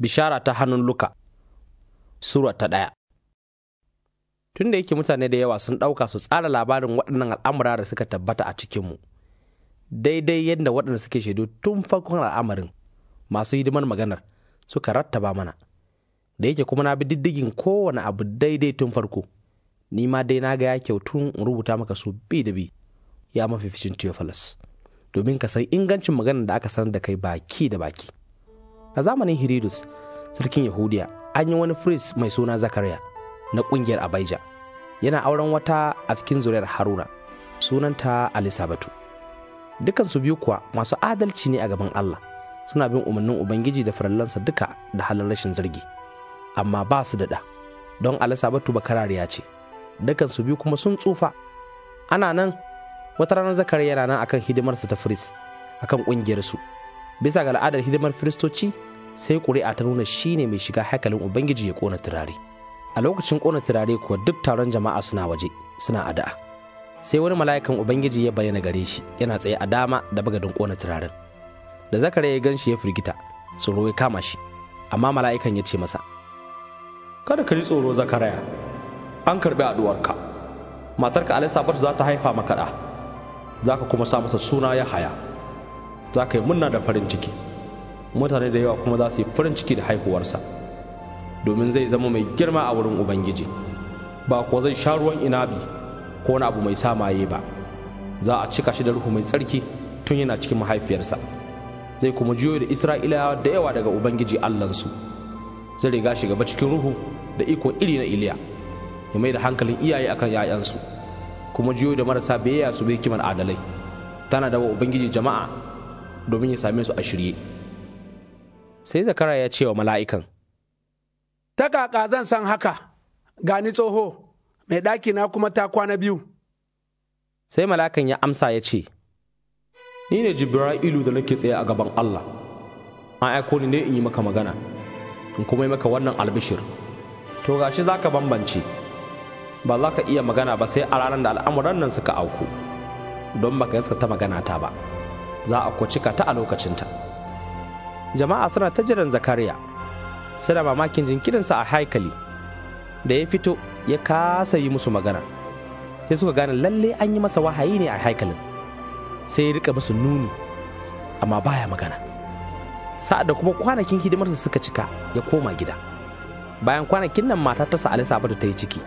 bishara ta hannun luka sura ta ɗaya tun da yake mutane da yawa sun ɗauka su tsara labarin waɗannan al'amura da suka tabbata a cikinmu daidai yadda waɗanda suke shaidu tun farkon al'amarin masu hidimar maganar suka rattaba mana da yake kuma na bi diddigin kowane abu daidai tun farko ni ma dai na ga ya kyautun in rubuta maka su bi da bi ya mafi ficin Theophilus domin ka san ingancin maganar da aka sanar da kai baki da baki a zamanin hiridus sarkin yahudiya an yi wani firist mai suna zakariya na ƙungiyar abaija yana auren wata a cikin zuriyar haruna sunanta alisabatu dukansu biyu kuwa masu adalci ne a gaban allah suna bin umarnin ubangiji da farallansa duka da halin rashin zargi amma ba su da don alisabatu bakarariya ce dukansu biyu kuma sun tsufa ana nan wata ranar zakariya yana nan akan hidimarsa ta firis akan ƙungiyarsu bisa ga al'adar hidimar firistoci sai ƙuri'a ta nuna shi ne mai shiga haikalin ubangiji ya ƙona turare a lokacin ƙona turare kuwa duk taron jama'a suna waje suna addu'a. sai wani mala'ikan ubangiji ya bayyana gare shi yana tsaye a dama da bagadin ƙona turaren da zakare ya gan shi ya firgita tsoro ya kama shi amma mala'ikan ya ce masa kada ka ji tsoro zakaraya an karbi ka matarka alisafar za ta haifa maka ɗa za ka kuma sa masa suna ya haya za ka yi munna da farin ciki mutane da yawa kuma za su yi farin ciki da haihuwarsa domin zai zama mai girma a wurin ubangiji ba ko zai sha ruwan inabi ko wani abu mai sa maye ba za a cika shi da ruhu mai tsarki tun yana cikin mahaifiyarsa zai kuma juyo da isra'ilawa da yawa daga ubangiji allansu zai riga shi gaba cikin ruhu da ikon iri na iliya ya mai da hankalin iyaye akan 'ya'yansu kuma juyo da marasa biyayya su bi kiman adalai tana da wa ubangiji jama'a domin ya same su a shirye sai zakara ya ce wa mala'ikan ta kaka zan san haka gani tsoho mai ɗakina kuma ta kwana biyu sai mala'ikan ya amsa ya ce ni ne jibra'ilu da nake tsaye a gaban allah an aiko ni ne in yi maka magana in kuma yi maka wannan albishir to gashi za ka bambance ba za ka iya magana ba sai a ranar da al'amuran nan suka auku don baka ta magana ta ba. za a cika ta a lokacinta jama'a suna ta jiran zakariya suna mamakin jinkirinsa a haikali da ya fito ya kasa yi musu magana sai suka gane lalle an yi masa wahayi ne a haikalin sai ya rika musu nuni amma baya magana sa'ad da kuma kwanakin hidimarsa suka cika ya koma gida bayan kwanakin nan mata ta sa'alisa ta yi ciki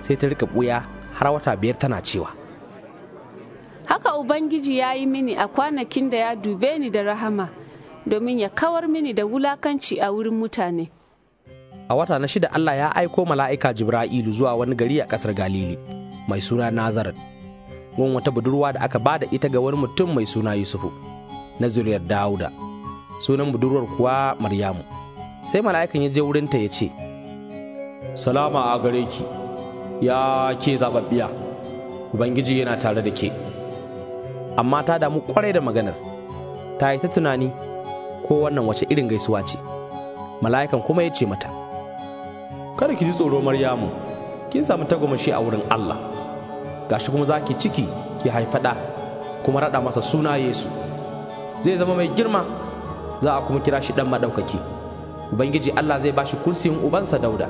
sai ta rika buya har wata biyar tana cewa Ubangiji ya yi mini a kwanakin da ya dube ni da rahama, domin ya kawar mini da wulakanci a wurin mutane. A wata na shida Allah ya aiko mala'ika Jibra'ilu zuwa wani gari a ƙasar Galili, mai suna Nazaret, gun wata budurwa da aka ba da ita ga wani mutum mai suna Yusufu, na zuriyar Dawuda, sunan budurwar kuwa Maryamu. Sai mala'ikan ya je wurinta ya ce, Salama a gare ki, ya ke zaɓaɓɓiya, Ubangiji yana tare da ke. amma ta damu kwarai da maganar ta yi ta tunani ko wannan wace irin gaisuwa ce mala'ikan kuma ya ce mata kada ki ji tsoro maryamu kin samu tagomashi a wurin allah gashi kuma za ki ciki ki haifada kuma raɗa masa suna yesu zai zama mai girma za a kuma kira shi dan maɗaukaki ubangiji allah zai bashi shi kursiyin ubansa dauda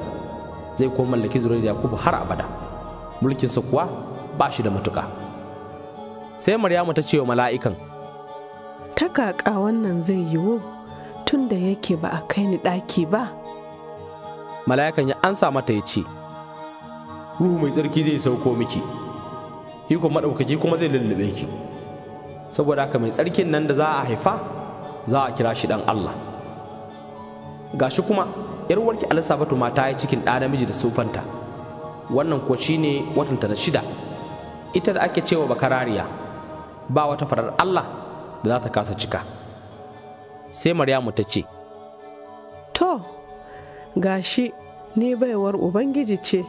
zai kuma mallaki zuriyar yakubu har abada mulkinsa kuwa ba shi da matuka. sai Maryamu ta ce wa mala'ikan. Ta kaka wannan zai yiwu tun da yake ba a kai ni ɗaki ba. Mala'ikan ya ansa mata ya ce, Ruhu mai tsarki zai sauko miki, iko maɗaukaki kuma zai lullube ki. Saboda haka mai tsarkin nan da za a haifa, za a kira shi ɗan Allah. shi kuma, ‘yar uwarki Alisabatu ma cikin ɗa namiji da sufanta, wannan kuwa shi ne watanta na shida, ita da ake cewa bakarariya. ba wata farar Allah da za ta kasa cika sai maryamu ta ce to gashi ne baiwar ubangiji ce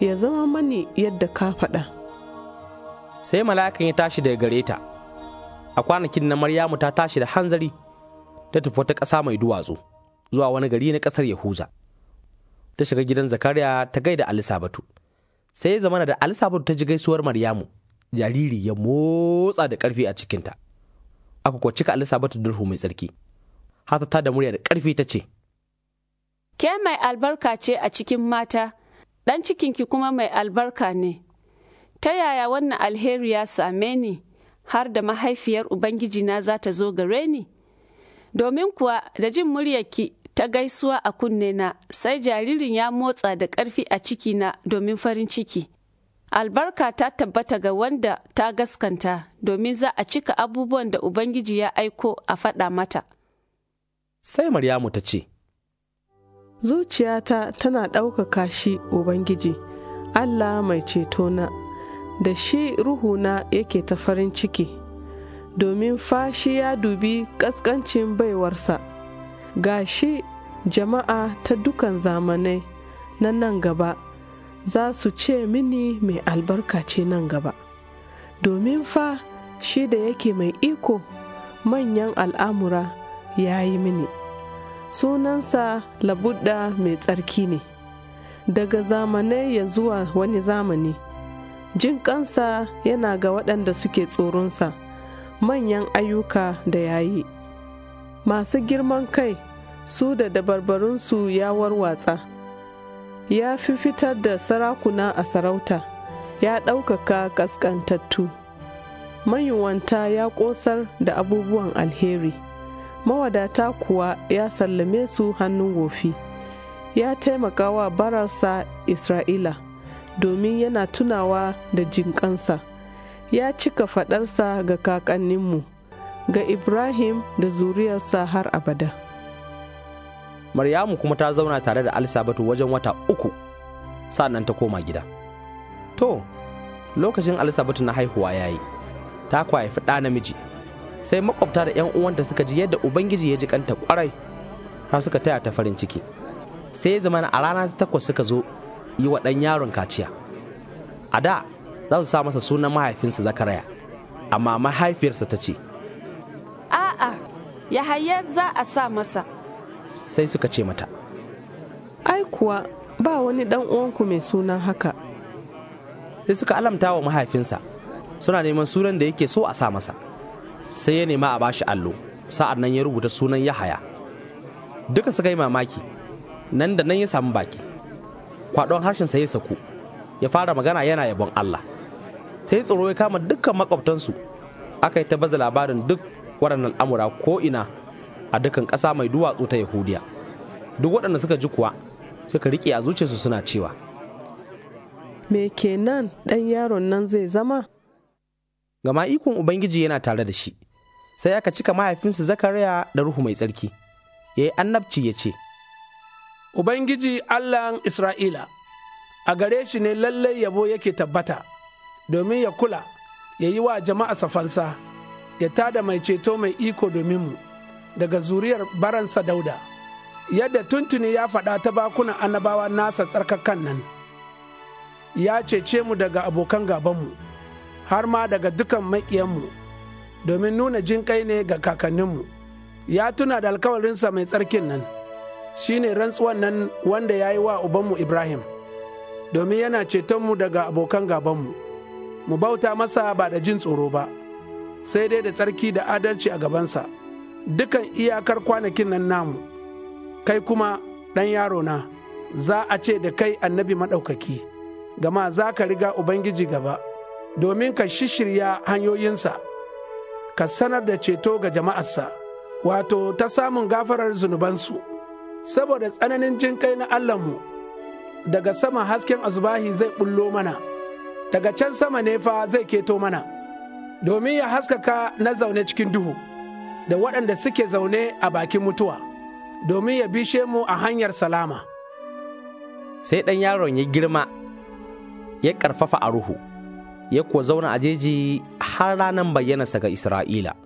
ya zama mani yadda ka faɗa sai mala'ikan ya tashi daga gare ta a kwanakin na maryamu ta tashi da hanzari ta tafi wata ƙasa mai duwatsu zuwa wani gari na ƙasar yahuza ta shiga gidan zakariya ta gaida alisabatu sai ya zamana da alisabatu ta ji gaisuwar maryamu jariri ya motsa da ƙarfi a cikinta aka kuwa cika alisabatu durhu mai tsarki hata ta da murya da ƙarfi ta ce ke mai albarka ce a cikin mata ɗan cikinki kuma mai albarka ne ta yaya wannan alheri ya same ni har da mahaifiyar ubangijina za ta zo gare ni domin kuwa da jin muryarki ta gaisuwa a kunne na sai jaririn ya motsa da ƙarfi a cikina domin farin ciki albarka ta tabbata ga wanda ta gaskanta domin za a cika abubuwan da Ubangiji ya aiko a faɗa mata. Sai Maryamu ta ce, Zuciyata tana ɗaukaka shi Ubangiji, Allah mai ceto na, da shi ruhuna yake ta farin ciki, domin fashi ya dubi ƙasƙancin baiwarsa. Ga shi jama'a ta dukan zamanai na nan gaba za su ce mini mai albarka ce nan gaba domin fa shi da yake mai iko manyan al'amura ya yi mini sunansa labudda mai tsarki ne daga zamanai ya zuwa wani zamani jin kansa yana ga waɗanda suke tsoronsa manyan ayyuka da ya yi masu girman kai su da dabarbarunsu ya warwatsa ya fi fitar da sarakuna a sarauta ya ɗaukaka ƙasƙantattu mayuwanta ya ƙosar da abubuwan alheri mawadata kuwa ya sallame su hannun wofi ya taimaka wa bararsa isra'ila domin yana tunawa da jinƙansa ya cika faɗarsa ga kakanninmu ga ibrahim da zuriyarsa har abada maryamu kuma ta zauna tare da alisabatu wajen wata uku sa'an ta koma gida to lokacin alisabatu na haihuwa ya yi ta kwaifi ɗa namiji sai makwabta da 'yan uwanta suka ji yadda ubangiji ya ji kanta kwarai har suka taya ta farin ciki sai ya zama a rana ta takwas suka zo yi wa ɗan yaron kaciya a da za su sa masa sunan mahaifinsa zakaraya amma mahaifiyarsa ta ce a'a yahaya za a sa masa sai suka ce mata ai kuwa ba wani dan uwanku mai sunan haka sai suka alamta wa mahaifinsa suna neman sunan da yake so a sa masa sai ya nema a bashi allo sa'an nan ya rubuta sunan yahaya duka suka yi mamaki nan da nan ya samu baki kwadon harshensa ya saku ya fara magana yana yabon allah sai tsoro ya kama dukkan makwabtansu aka yi ta baza labarin duk waɗannan al'amura ko'ina a dukan ƙasa mai duwatsu ta yahudiya duk waɗanda suka ji kuwa suka riƙe a zuciyarsu suna cewa me kenan ɗan yaron nan zai zama gama ikon ubangiji yana tare da shi sai aka cika mahaifinsa zakariya da ruhu mai tsarki ya yi annabci ya ce ubangiji allahn isra'ila a gare shi ne lallai yabo yake tabbata domin ya kula ya yi wa jama'a safansa ya tada mai ceto mai iko domin mu daga zuriyar baransa dauda yadda tuntuni ya faɗa ta bakuna annabawa nasa tsarkakan nan ya cece mu daga abokan gabanmu har ma daga dukan maƙiyanmu domin nuna jinƙai ne ga kakanninmu ya tuna da alkawarinsa mai tsarkin nan shi ne rantsuwan nan wanda ya yi wa ubanmu ibrahim domin yana cetonmu daga abokan gabanmu mu bauta masa ba da jin tsoro ba sai dai da tsarki da adalci a gabansa. dukan iyakar kwanakin nan namu, kai kuma ɗan na, za a ce da kai annabi maɗaukaki, gama za ka riga Ubangiji gaba, domin ka shishirya hanyoyinsa, ka sanar da ceto ga jama'arsa, wato ta samun gafarar zunubansu, saboda tsananin jin kai na Allahnmu, daga sama hasken azubahi zai bullo mana, daga can sama ne fa zai keto mana, domin ya haskaka na zaune cikin duhu. da waɗanda suke zaune a bakin mutuwa, domin ya bishe mu a hanyar salama. Sai ɗan yaron ya girma, ya ƙarfafa a ruhu, ya kuwa zauna a jeji har ranar bayyanarsa ga Isra'ila.